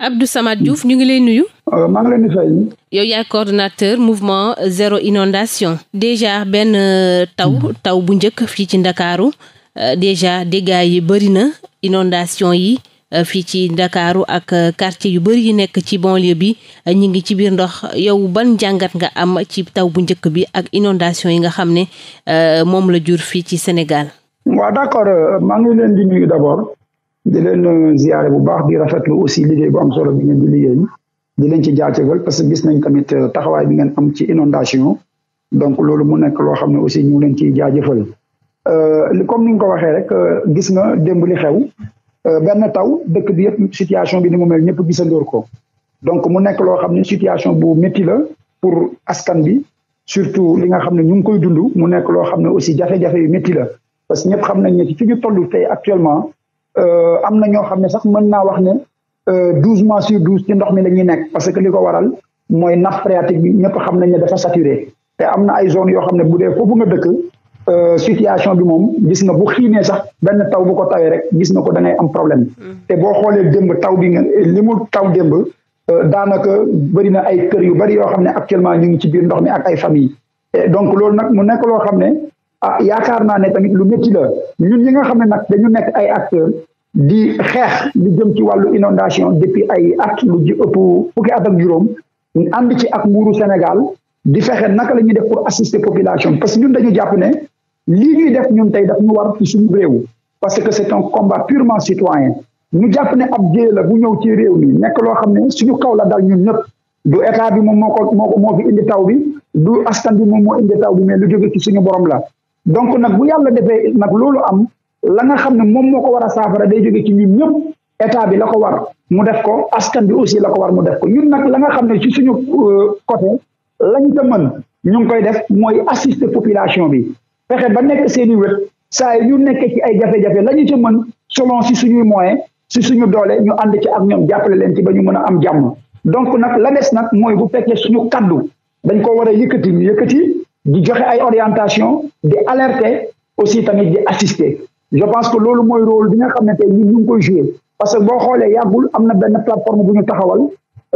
Abdou Samad Diouf ñu ngi lay nuyu. Ah, maa ngi leen di fay. yow yaay coordonnateur mouvement zéro inondation déjà benn euh, taw hmm. taw bu njëkk fii ci ndakaaru euh, déjà dégâts yi bëri na inondation yi euh, fii ci ndakaaru ak quartier yu bëri yi nekk ci banlieue bi ñu ngi ci biir ndox yow ban jàngat nga am ci taw bu njëkk bi ak inondation yi nga xam ne moom la jur fii ci Sénégal. waaw d'accord maa ngi leen di nuyu d'abord. di leen euh, ziare bu baax di rafetlu aussi liggéey bu am solo bi ngeen di liggéey di leen ci jaajëfal parce que gis nañ tamit euh, taxawaay bi ngeen am ci inondation donc loolu mu nekk loo xam ne aussi ñu leen ciy jaajëfal euh, comme ni nga ko waxee rek gis nga démb xew benn taw dëkk bi yëpp situation bi ni mu mel ñëpp gisandoor ko donc mu nekk loo xam ne situation bu métti la pour askan bi surtout li nga xam ne ñu ngi koy dund mu nekk loo xam ne aussi jafe-jafe yu métti parce que ñëpp xam nañ ne fi ñu toll tey actuellement Euh, am na ñoo xam ne sax mën naa wax ne euh, douze mois sur douze ci ndox mi la ñuy nekk parce que li ko waral mooy nappe phréatique bi ñëpp xam nañ ne dafa saturé te am na ay zone yoo xam ne bu dee foofu nga dëkk euh, situation bi moom gis nga bu xiinee sax benn taw bu ko tawee rek gis na ko da am problème mm. te boo xoolee démb taw bi nga li mu taw démb daanaka bëri na ay kër yu bëri yoo xam ne actuellement ñu ngi ci biir ndox mi ak ay famille donc loolu nag mu nekk ah yaakaar naa ne tamit lu métti la ñun ñi nga xam ne nag dañu nekk ay acteurs di xeex du jëm ci wàllu inondation depuis ay at lu ji ëpp fukki at ak juróom ànd ci ak nguuru Sénégal di fexe naka la ñuy def pour assister population parce que ñun dañu jàpp ne lii ñuy def ñun tey daf ñu war ci suñu réew parce que c'est un combat purement citoyen ñu jàpp ne ab jéye la bu ñëw ci réew mi nekk loo xam ne suñu kaw la dal ñun ñëpp du état bi moom moo ko moo moo fi indi taw bi du askan bi moom moo indi taw bi mais lu jóge ci suñu borom la donc nag bu yàlla defee nag loolu am la nga xam ne moom moo ko war a saafara day jóge ci ñun ñëpp état bi la ko war mu def ko askan bi aussi la ko war mu def ko ñun nag la nga xam ne ci suñu euh, côté lañ ta mën ñu ngi koy def mooy assister population bi fexe ba nekk seen i wét saa yu nekkee ci ay jafe la ñu ca mën selon si suñuy moyen si suñu doole ñu ànd ci ak ñoom jàppale leen ci ba ñu mën a am jàmm donc nag des nag mooy bu fekkee suñu kaddu dañ ko war yëkkati ñu yëkkati di joxe ay orientation di alerte aussi tamit di assister je pense que loolu mooy rôle bi nga xam ne tey ñun ñu ngi koy joué parce que boo xoolee yàggul am na benn plateforme bu ñu taxawal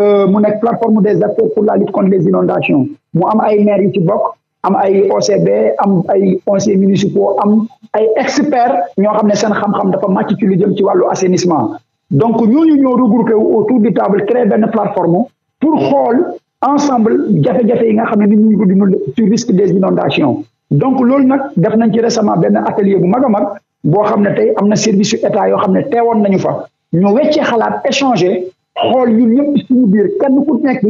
euh, mu nekk plateforme des acteurs pour la lutte contre les inondations mu am ay maires yu ci bokk am ay OCB am ay conseillers municipaux am ay experts ñoo xam ne seen xam-xam dafa màcc ci lu jëm ci wàllu assainissement donc ñu ñooñu ñoo regroupé autour du table créer benn plateforme pour xool ensemble jafe-jafe yi nga xam ne nit ñi ko dund ci des inondations donc loolu nag def nañ ci récemment benn atelier bu mag a mag boo xam ne tey am na service yu état yoo xam ne teewoon nañu fa ñu weccee xalaat échanger xool yu ñëpp suñu biir kenn ku nekk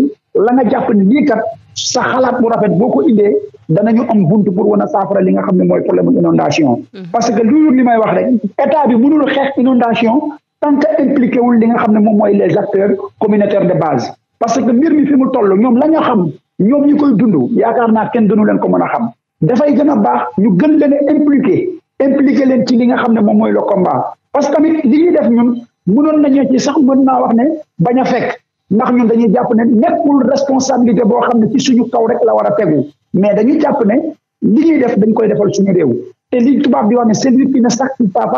la nga jàpp ni lii kat sax xalaat bu rafet boo ko indee danañu am bunt pour wan a saafara li nga xam ne mooy problème inondation mm-hmm. parce que loolu li may wax rek état bi mënul xeex inondation tant que impliqué wul li nga xam ne moom mooy les acteurs communautaires de base parce que mbir mi fi mu toll ñoom la ñu xam ñoom ñi koy dund yaakaar naa kenn gënu leen ko mën a xam dafay gën a baax ñu gën leen a impliqué impliqué leen ci li nga xam ne moom mooy le combat parce que tamit li ñuy def ñun mënoon nañu ci sax mën naa wax ne bañ a fekk ndax ñun dañuy jàpp ne nekkul responsabilité boo xam ne ci suñu kaw rek la war a tegu mais dañuy jàpp ne li ñuy def dañ koy defal suñu réew te li tubaab di wax ne celui qui ne s'active pas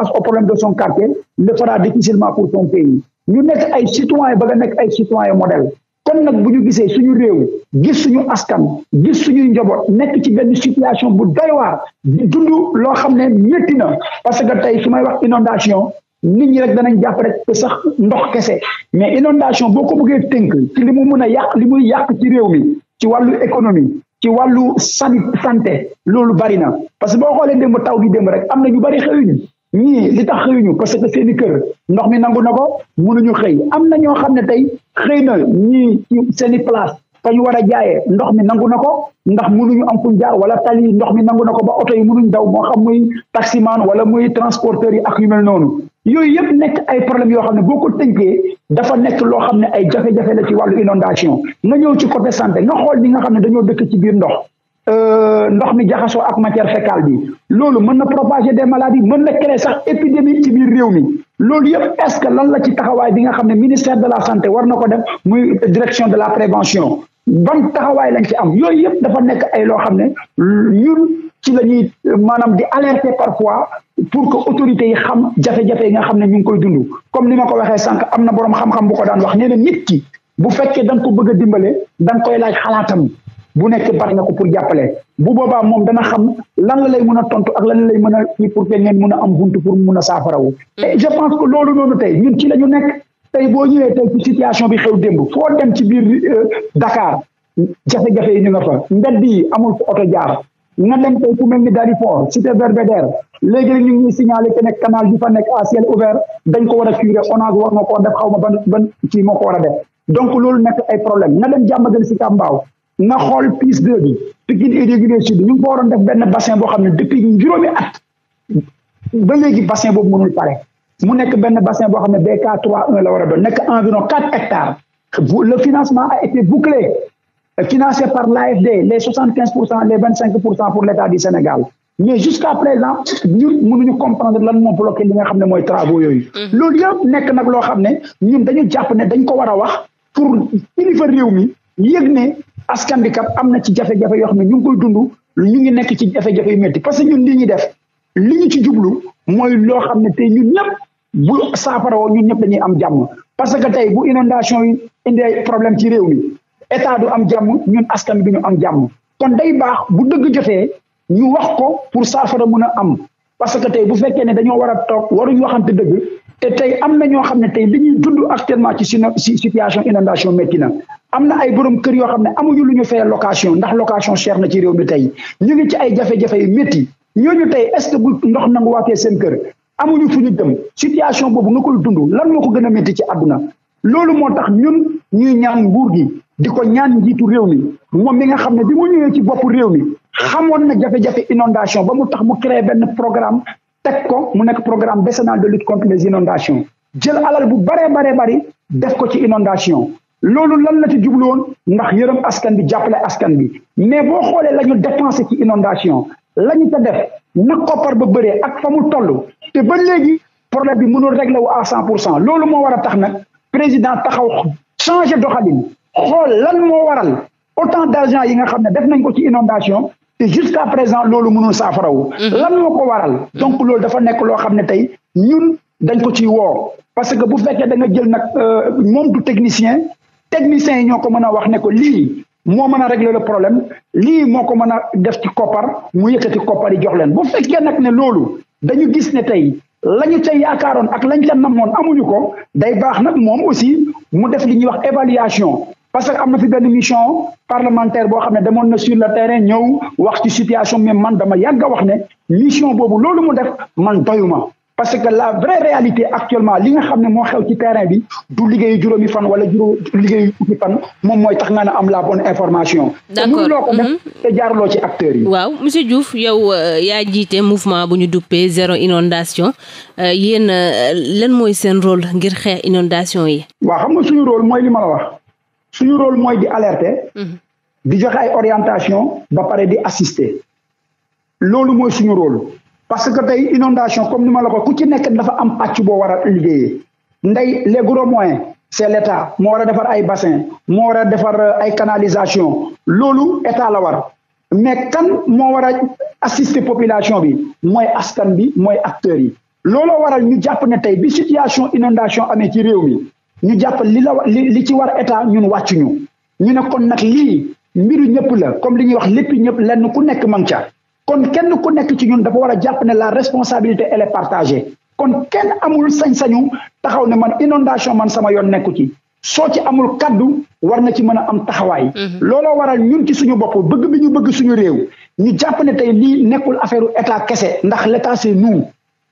au nekk ay citoyen ba nekk ay citoyen dem nag bu ñu gisee suñu réew gis suñu askan gis suñuy njaboot nekk ci benn situation bu doy waar di loo xam ne métti na parce que tey su may wax inondation nit ñi rek danañ jàpp rek sax ndox kese mais inondation boo ko bëggee tënk ci li mu mën a yàq li muy yàq ci réew mi ci wàllu économie ci wàllu sanit sante loolu bari na parce que boo xoolee démb taw bi démb rek am na ñu bari xëyuñu ñii li tax xëyuñu parce que seen i kër ndox mi nangu na ko mënuñu xëy am na ñoo xam ne tey xëy na ñii ci seen i place fa ñu war a jaayee ndox mi nangu na ko ndax munuñu am fuñ jaar wala tali ndox mi nangu na ko ba oto yi mënuñ daw moo xam muy taximan wala muy transporteur yi ak yu mel noonu yooyu yëpp nekk ay problème yoo xam ne boo ko tënkee dafa nekk loo xam ne ay jafe-jafe la ci wàllu inondation nga ñëw ci côté sante nga xool ñi nga xam ne dañoo dëkk ci biir ndox Euh, ndox mi jaxasoo ak matière fécale bi loolu mën na propager des maladie mën na créer sax épidémie ci biir réew mi loolu yëpp est-ce que lan la ci taxawaay bi nga xam ne ministère de la santé war na ko def muy direction de la prévention ban taxawaay lañ ci am yooyu yëpp dafa nekk ay loo xam ne ñun ci la ñuy maanaam di alerter parfois pour que autorités yi xam jafe-jafe yi nga xam ne ñu ngi koy dund comme ni ma ko waxee sànq am na boroom xam-xam bu ko daan wax nee na ki bu fekkee da nga bëgg a dimbale da nga koy laaj xalaatam bu nekk pare nga ko pour jàppale bu boobaa moom dana xam lan la lay mën a tontu ak lan lay mën a kii pour que ngeen mën am buntu pour mun a saafarawu et je pense que loolu noonu tey ñun ci la ñu nekk tey boo ñëwee tey ci situation bi xew démb foo dem ci biir euh, Dakar jafe-jafe yi ñu nga fa mbedd yi amul fu oto jaar nga dem tey fu mel ni Dalifort cité Belvédère léegi rek ñu ngi signalé que nekk canal bi fa nekk à ciel ouvert dañ ko war a curé ONAS war na koo def xaw ma ban ban kii moo ko a def donc loolu nekk ay nga dem jàmmagal si Kambaaw nga xool piis deux bi Pikine irrégulier sud ñu ngi ko waroon def benn bassin boo xam ne depuis juróomi at ba léegi bassin boobu mënul pare mu nekk benn bassin boo xam ne BK 3 1 la war a doon nekk environ quatre hectares le financement a été bouclé financé par l'AFD les soixante quinze pour cent cinq pour cent pour l'État du Sénégal mais jusqu'à présent ñun mënuñu comprendre lan moo bloqué li nga xam ne mooy travaux yooyu mhm. loolu yëpp nekk nag loo xam ne ñun dañu jàpp ne dañ ko war a wax pour kilifa réew mi askan bi kam am na ci jafe-jafe yoo xam ne ñu ngi koy dund ñu ngi nekk ci jafe-jafe yu métti parce que ñun li ñuy def li ñu ci jublu mooy loo xam ne tey ñun ñëpp bu saafara woo ñun ñëpp dañuy am jàmm parce que tey bu inondation yi indee problème ci réew mi état du am jàmm ñun askan bi ñu am jàmm kon day baax bu dëgg jotee ñu wax ko pour saafara mun a am parce que tey bu fekkee ne dañoo war a toog waruñu waxante dëgg te tey am na ñoo xam ne tey li ñuy dund actuellement ci si situation inondation métti na am na ay borom kër yoo xam ne amuñu lu ñu fayee location ndax location cher na ci réew mi tey ñu ngi ci ay jafe yu métti ñooñu tey est ce que bu ndox nangu waatee seen kër amuñu fu ñu dem situation boobu nga koy dund lan moo ko gën a métti ci adduna loolu moo tax ñun ñuy ñaan wuur gi di ko ñaan njiitu réew mi moom mi nga xam ne bi mu ñëwee ci boppu réew mi xamoon na jafe-jafe inondation ba mu tax mu créé benn programme teg ko mu nekk programme décennal de lutte contre les inondations jël alal bu baree baree bari def ko ci inondation loolu lan la ci jubluwoon ndax yërëm askan bi jàppale askan bi mais boo xoolee la ñu dépensé ci inondation la ñu ta def na koppar ba bëree ak fa mu toll te ba léegi problème bi mënul réglé wu à cent pour cent loolu moo war a tax nag président taxaw changé doxalin xool lan moo waral autant d' argent yi nga xam ne def nañ ko ci inondation te jusqu'à présent loolu mënul saafarawu mhm. lan moo ko waral donc loolu dafa nekk loo xam ne tey ñun dañ ko ci woo parce que bu fekkee da jël nag euh, moom du technicien technicien yi ñoo ko mën a wax ne ko lii moo mën a régler le problème lii moo ko mën a def ci koppar mu yëkkati koppar yi jox leen bu fekkee nag ne loolu dañu gis ne tey lañu ñu yaakaaroon ak lañ ca namoon amuñu ko day baax nag moom aussi mu def li ñuy wax évaluation parce que am na fi benn mission parlementaire boo xam ne demoon na sur le terrain ñëw wax ci situation mais man dama yàgg wax ne mission boobu loolu mu def man doyuma parce que la vraie réalité actuellement li nga xam ne moo xew ci terrain bi du liggéeyu juróomi fan wala juróom liggéeyu fukki fan moom mooy tax nga ne am la bonne information. d'accord te loo ko def mhm. te jaarloo ci acteurs yi. waaw monsieur Diouf yow euh, yaa jiite mouvement bu ñu duppee zéro inondation euh, yéen euh, lan mooy seen rôle ngir xeex inondation yi. waaw xam nga suñu rôle mooy li ma la wax. suñu rôle mooy di alerter. Mhm. di joxe ay orientation ba pare di assister loolu mooy suñu rôle parce que tey inondation comme ni ma la ko ku ci nekk dafa am pàcc boo war a liggéeyee ndey les gros moyens c'est moo war a defar ay bassin moo war a defar euh, ay canalisation loolu état la war mais kan moo war a assister population bi mooy askan bi mooy acteurs yi looloo waral ñu jàpp ne tey bi situation inondation amee ci réew mi ñu jàppal li la li li ci war état ñun wàccuñu ñu ne kon nag lii mbiru ñëpp la comme li ñuy wax lépp ñëpp lenn ku nekk mang ca kon kenn ku nekk ci ñun dafa war a jàpp ne la responsabilité elle est partagée kon kenn amul sañ-sañu taxaw ne man inondation man sama yoon nekku ci soo ci amul kàddu war na ci mën a am taxawaay. Mhm. looloo waral ñun ci suñu bopp bëgg bi ñu bëgg suñu réew. ñu jàpp ne tey lii nekkul affaire état kese ndax l' état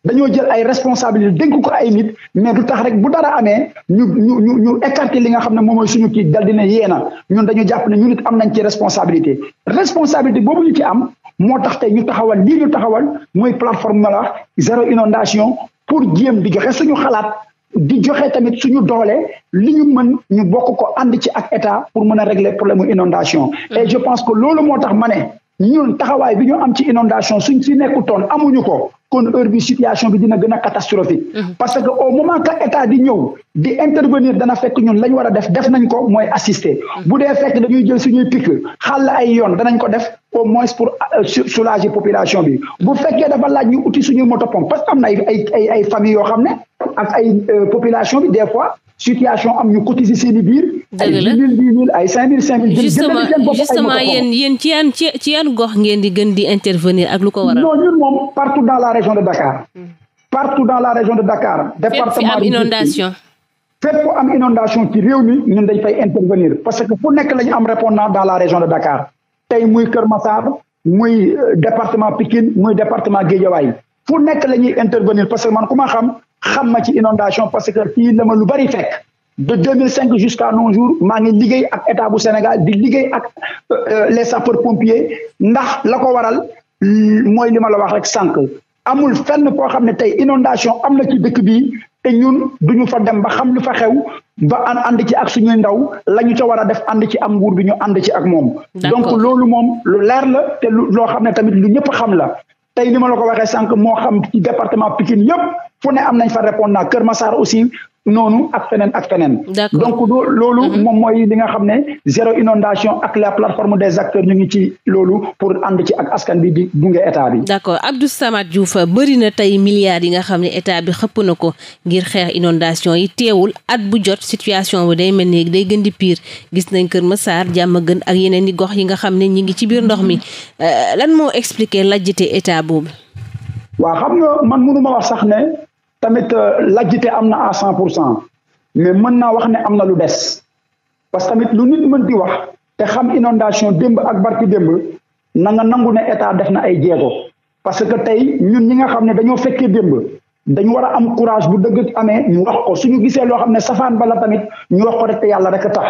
dañoo jël ay responsabilité dénk ko ay nit mais du tax rek bu dara amee ñu ñu ñu ñu écarter li nga xam ne moom mooy suñu kii dal dina yeena ñun dañu jàpp ne ñu nit am nañ ci responsabilité responsabilité boobu ñu ci am moo tax tey ñu taxawal lii ñu taxawal mooy plateforme la zéro inondation pour jéem di joxe suñu xalaat di joxe tamit suñu doole li ñu mën ñu bokk ko ànd ci ak état pour mën a régler problème inondation et je pense que loolu moo tax ma ne ñun taxawaay bi ñu am ci inondation suñ fi nekkutoon amuñu ko kon heure bi situation bi dina gën a catastrophique mm-hmm. parce que au moment que état di ñëw di intervenir dana fekk ñun lañ war a def def nañ ko mooy assister mm-hmm. bu dee fekk dañuy jël suñuy pic xàll ay yoon danañ ko def au moins pour euh, soulager population bi bu fekkee dafa laaj ñu uti suñuy motopompe parce que am na ay ay ay famille yoo xam ne ak ay euh, population bi des fois am ñu cotiser seen biir. ay justement justement yéen ci yan gox ngeen di gën di intervenir ak lu ko waral. non ñun moom partout dans la région de Dakar. Hmm. partout dans la région de Dakar. département fépp am inondation. fépp ko am inondation mi ñun dañ fay intervenir parce que fu nekk la ñu am répondant dans la région de Dakar tey muy Kër Massar muy euh, département Pikine muy département Guédiawaye fu nekk la intervenir parce que man ku xam xam ma ci inondation parce que fii la ma lu bari fekk de 2005 jusqu'à nos jours maa ngi liggéey ak état bu Sénégal di liggéey ak euh, euh, les sapeurs pompiers ndax la ko waral mooy li ma la wax rek sànq amul fenn koo xam ne tey inondation am na ci dëkk bi te ñun duñu fa dem ba xam lu fa xew ba an ànd ci ak suñuy ndaw la ñu ca war a def ànd ci am nguur bi ñu ànd ci ak moom donc loolu moom lu leer la te lu loo xam ne tamit lu ñëpp xam la tey li ma la ko waxee sànq moo xam département Pikine yëpp fu ne am nañ fa répondant Kër Massar aussi noonu ak feneen ak feneen. donc loolu mm-hmm. moom mooy li nga xam ne zéro inondation ak la plateforme des acteurs ñu ngi ci loolu pour ànd ci ak askan bi di gunge état bi. d' accord Abdou Samad Diouf bëri na tey milliards yi nga xam ne état bi xëpp na ko ngir xeex inondation yi teewul at bu jot situation bi day mel ni day gën di piir gis nañ Kër Massar jàmm gën ak yeneen i gox yi nga xam ne ñu ngi ci biir ndox mi euh, lan moo expliqué lajjite état boobu. tamit euh, lajjite am na à cent pour cent mais mën naa wax ne am na lu des parce que tamit lu nit mën di wax te xam inondation démb ak barki démb na nga nangu ne état def na ay jéego parce que tey ñun ñi nga xam ne dañoo fekkee démb dañu war a am courage bu dëgg amee ñu wax ko ñu gisee loo xam ne safaan bala tamit ñu wax ko rek te yàlla rek a tax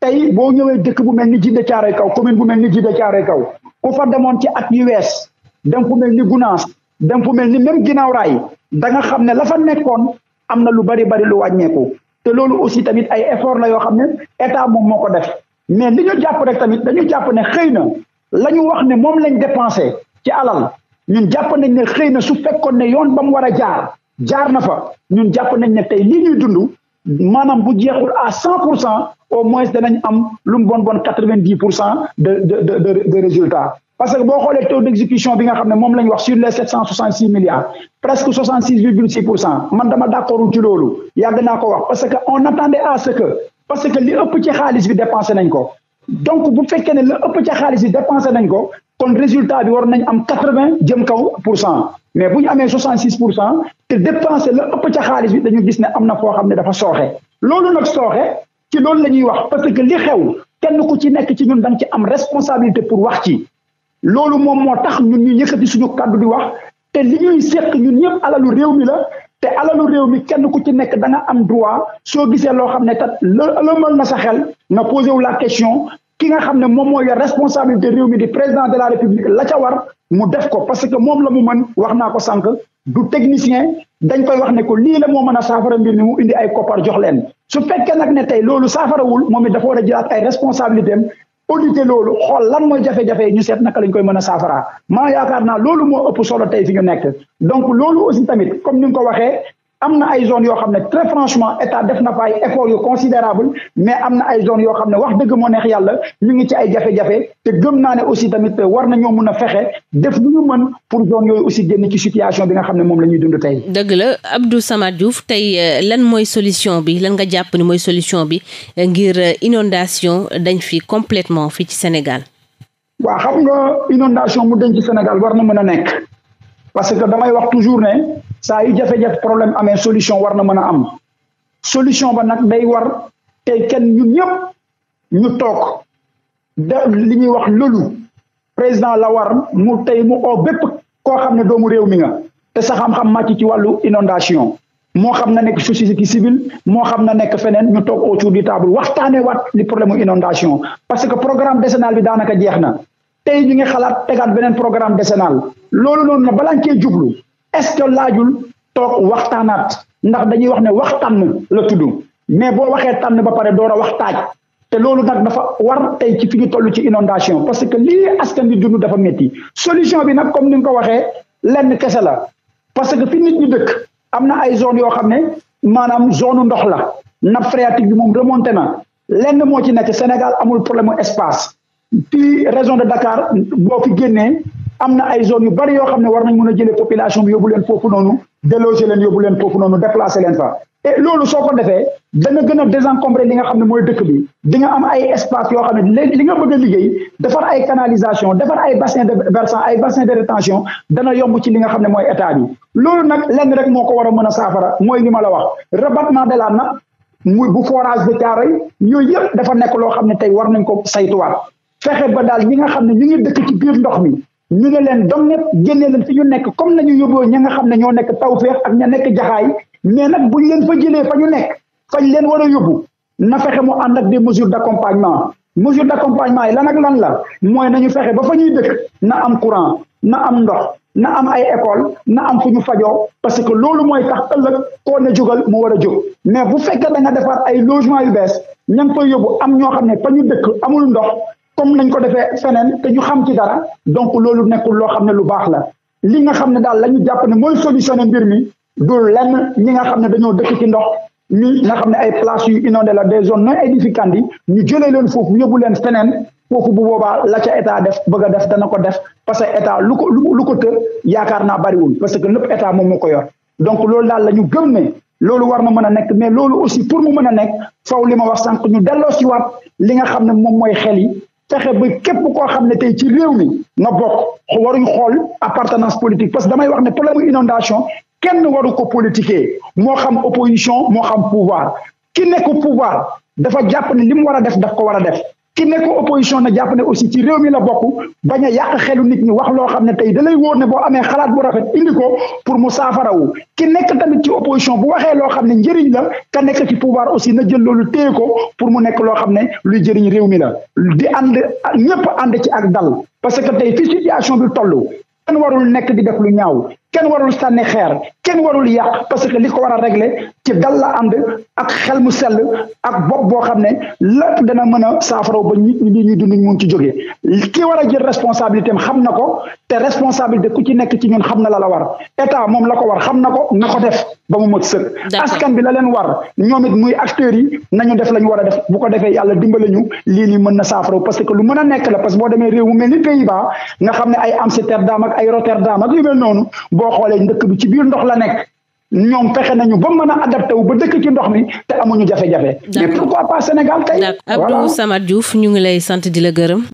tey boo ñëwee dëkk bu mel ni Djiddah Thiaroye Kaw commune bu mel ni Djiddah Thiaroye Kaw ku fa demoon ci at yu wees dem fu mel ni Gounass dem fu mel ni même ginnaaw raay da nga xam ne la fa nekkoon am na lu bari bari lu wàññeeku te loolu aussi tamit ay effort la yoo xam ne état moom moo ko def mais li ñu jàpp rek tamit dañu jàpp ne xëy na la ñu wax ne moom lañ dépensé ci alal ñun jàpp nañ ne xëy na su fekkoon ne yoon ba mu war a jaar jaar na fa ñun jàpp nañ ne tey lii ñuy dund maanaam bu jeexul à cent pour cent au moins danañ am lu mu bon bon quatre vingt dix pour cent de de de de résultat parce que boo xoolee taux d' exécution bi nga xam ne moom la ñu wax sur les sept cent soixante six milliards presque soixante six virgule six pour cent man dama d' accord ci loolu yàgg naa ko wax parce que on attendait à ce que parce que li ëpp ci xaalis bi dépensé nañ ko donc bu fekkee ne la ëpp ci xaalis bi dépensé nañ ko kon résultat bi war nañ am quatre vingt jëm kaw pour cent mais bu ñu amee soixante six pour cent te dépensé la ëpp ca xaalis bi dañu gi ne am na foo xam ne dafa sooxe loolu nag sooxe ci loolu la ñuy wax parce que li xew kenn ku ci nekk ci ñun da ci am responsabilité pour wax ci. loolu moom moo tax ñun ñu yëkkati suñu kàddu di wax te li ñuy seq ñun ñëpp alalu réew mi la te alalu réew mi kenn ku ci nekk da am droit soo gisee loo xam ne tat lëmal na sa xel nga posé wu la question ki nga xam ne moom moo yor responsabilité réew mi di président de la république la ca war mu def ko parce que moom la mu man wax naa ko sànq du technicien dañ koy wax ne ko lii la moo mën a saafara mbir mi mu indi ay koppar jox leen su fekkee nag ne tey loolu saafarawul moom it dafa war a jëlaat ay responsabilité am auditer loolu xool lan mooy jafe-jafe ñu seet naka lañ koy mën a saafara maa yaakaar naa loolu moo ëpp solo tey fi ñu nekk donc loolu aussi tamit comme ni nga ko waxee am na ay zone yoo xam ne très franchement état def na fa ay efforts yu mais am na ay zone yoo xam ne wax dëgg moo neex yàlla ñu ngi ci ay jafe-jafe te gëm naa ne aussi tamit war na ñoo mun a fexe def lu ñu mën pour zone yooyu aussi génn ci situation bi nga xam ne moom la ñuy dund tey dëgg la Abdou Samad Diouf tey euh, lan mooy solution bi lan nga jàpp ni mooy solution bi euh, ngir euh, inondation dañ fi completement fii ci Sénégal waaw xam nga inondation mu dañ ci Sénégal war na mën a nekk ne saa yu jafe-jafe problème amee solution war na mën a am solution ba nag day war tey kenn ñu ñëpp ñu toog da li ñuy wax loolu président la war mu tey mu oo bépp koo xam ne doomu réew mi nga te sa xam-xam màcc ci wàllu inondation moo xam na nekk société civile moo xam na nekk feneen ñu toog autour du table waxtaanee waat li problème inondation parce que programme décennal bi daanaka jeex na tey ñu ngi xalaat tegaat beneen programme décennal loolu noonu na balaa nga cee jublu est toog waxtaanaat ndax dañuy wax ne waxtaan la tudd mais boo waxee tànn ba pare door a waxtaaj te loolu nag dafa war tey ci fi ñu toll ci inondation parce que lii askan bi du dafa métti solution bi nag comme ni nga ko waxee lenn kese la parce que fi nit ñi dëkk am na ay zone yoo xam ne maanaam zone ndox la nappe phréatique bi moom remonté na lenn moo ci nekk Sénégal amul problème espace fii région de Dakar boo fi génnee am na ay zones yu bari yoo xam ne war nañ mën a jëlee population bi yóbbu leen foofu noonu déloger leen yóbbu leen foofu noonu déplacer leen fa et loolu soo ko defee da gën a désencombrer li nga xam ne mooy dëkk bi di nga am ay espace yoo xam ne li nga bëgg a liggéey defar ay canalisation defar ay bassin de versant ay bassin de rétention dana yomb ci li nga xam ne mooy état bi loolu nag lenn rek moo ko war a mën a saafara mooy li ma la wax rabattement de la nappe muy bu forage de Thiaroye yooyu yëpp dafa nekk loo xam ne tey war nañ ko saytuwaat fexe ba daal ñi nga xam ne ñu ngi dëkk ci biir ndox mi ñu ne leen donnet génne leen fi ñu nekk comme na nañu yóbboo ña nga xam ne ñoo nekk tawféex ak ña nekk jaxaay mais nag buñ leen fa jëlee fa ñu nekk fañ leen war a yóbbu na fexe mu ànd ak des mesures d'accompagnement mesures d'accompagnement yi lan ak lan la mooy nañu fexe ba fa ñuy dëkk na am courant na am ndox na am ay école na am fu ñu fajoo parce que loolu mooy tax ëllëg koo ne jógal mu war a jóg mais bu fekkee da nga defar ay logement yu bees ña ngi koy yóbbu am ñoo xam ne fa ñu dëkk amul ndox comme nañ ko defee feneen te ñu xam ci dara donc loolu nekkul loo xam ne lu baax la li nga xam ne daal la ñu jàpp ne mooy solutionné mbir mi du lenn ñi nga xam ne dañoo dëkk ci ndox ñi nga xam ne ay places yu inondé la des zones non édificantes yi ñu jëlee leen foofu yóbbu leen feneen foofu bu boobaa la ca état def bëgg a def dana ko def parce que état lu ko lu ko të yaakaar naa bariwul parce que lépp état moom moo ko yor donc loolu daal la ñu gëm ne loolu war na mën a nekk mais loolu aussi pour mu mën a nekk faw li ma wax sànq ñu delloo si li nga xam ne moom mooy xel yi fexe ba képp koo xam ne tey ci réew mi nga bokk waruñ xool appartenance politique parce que damay wax ne problème inondation kenn waru ko politiquer moo xam opposition moo xam pouvoir ki nekk pouvoir dafa jàpp ne li mu war a def daf ko war a def ki nekk opposition na jàpp ne aussi ci réew mi la bokk ba a yàq xelu nit ñi wax loo xam ne tey da lay wóor ne boo amee xalaat bu rafet indi ko pour mu saafarawu ki nekk tamit ci opposition bu waxee loo xam ne njëriñ la ka nekk ci pouvoir aussi na jël loolu téye ko pour mu nekk loo xam ne luy jëriñ réew mi la di ànd ñëpp ànd ci ak dal parce que tey fi situation bi toll kenn warul nekk di def lu ñaaw kenn warul sànni xeer kenn warul yàq parce que li ko war a régler ci dal la ànd ak xel mu sell ak bopp boo xam ne lépp dana mën a saafara ba nit ñi ñuy dund mun ci jógee ki a jël responsabilité am xam na ko te responsabilité ku ci nekk ci ñun xam na la la war état moom la ko war xam na ko na ko def ba mu mot sëkk. askan bi la leen war ñoom it muy acteurs yi nañu def la ñu war a def bu ko defee yàlla dimbale ñu lii nii mën na saafara parce que lu mën a nekk la parce que boo demee réew mu mel ni Pays-Bas nga xam ne ay Amsterdam ak ay Rotterdam ak yu mel noonu. boo xoolee dëkk bi ci biir ndox la nekk ñoom fexe nañu ba mën a adapté wu ba dëkk ci ndox mi te amuñu jafe-jafe mais pourquoi pas Sénégal tey voilà Abdou Samad Diouf ñu ngi lay sant di la gërëm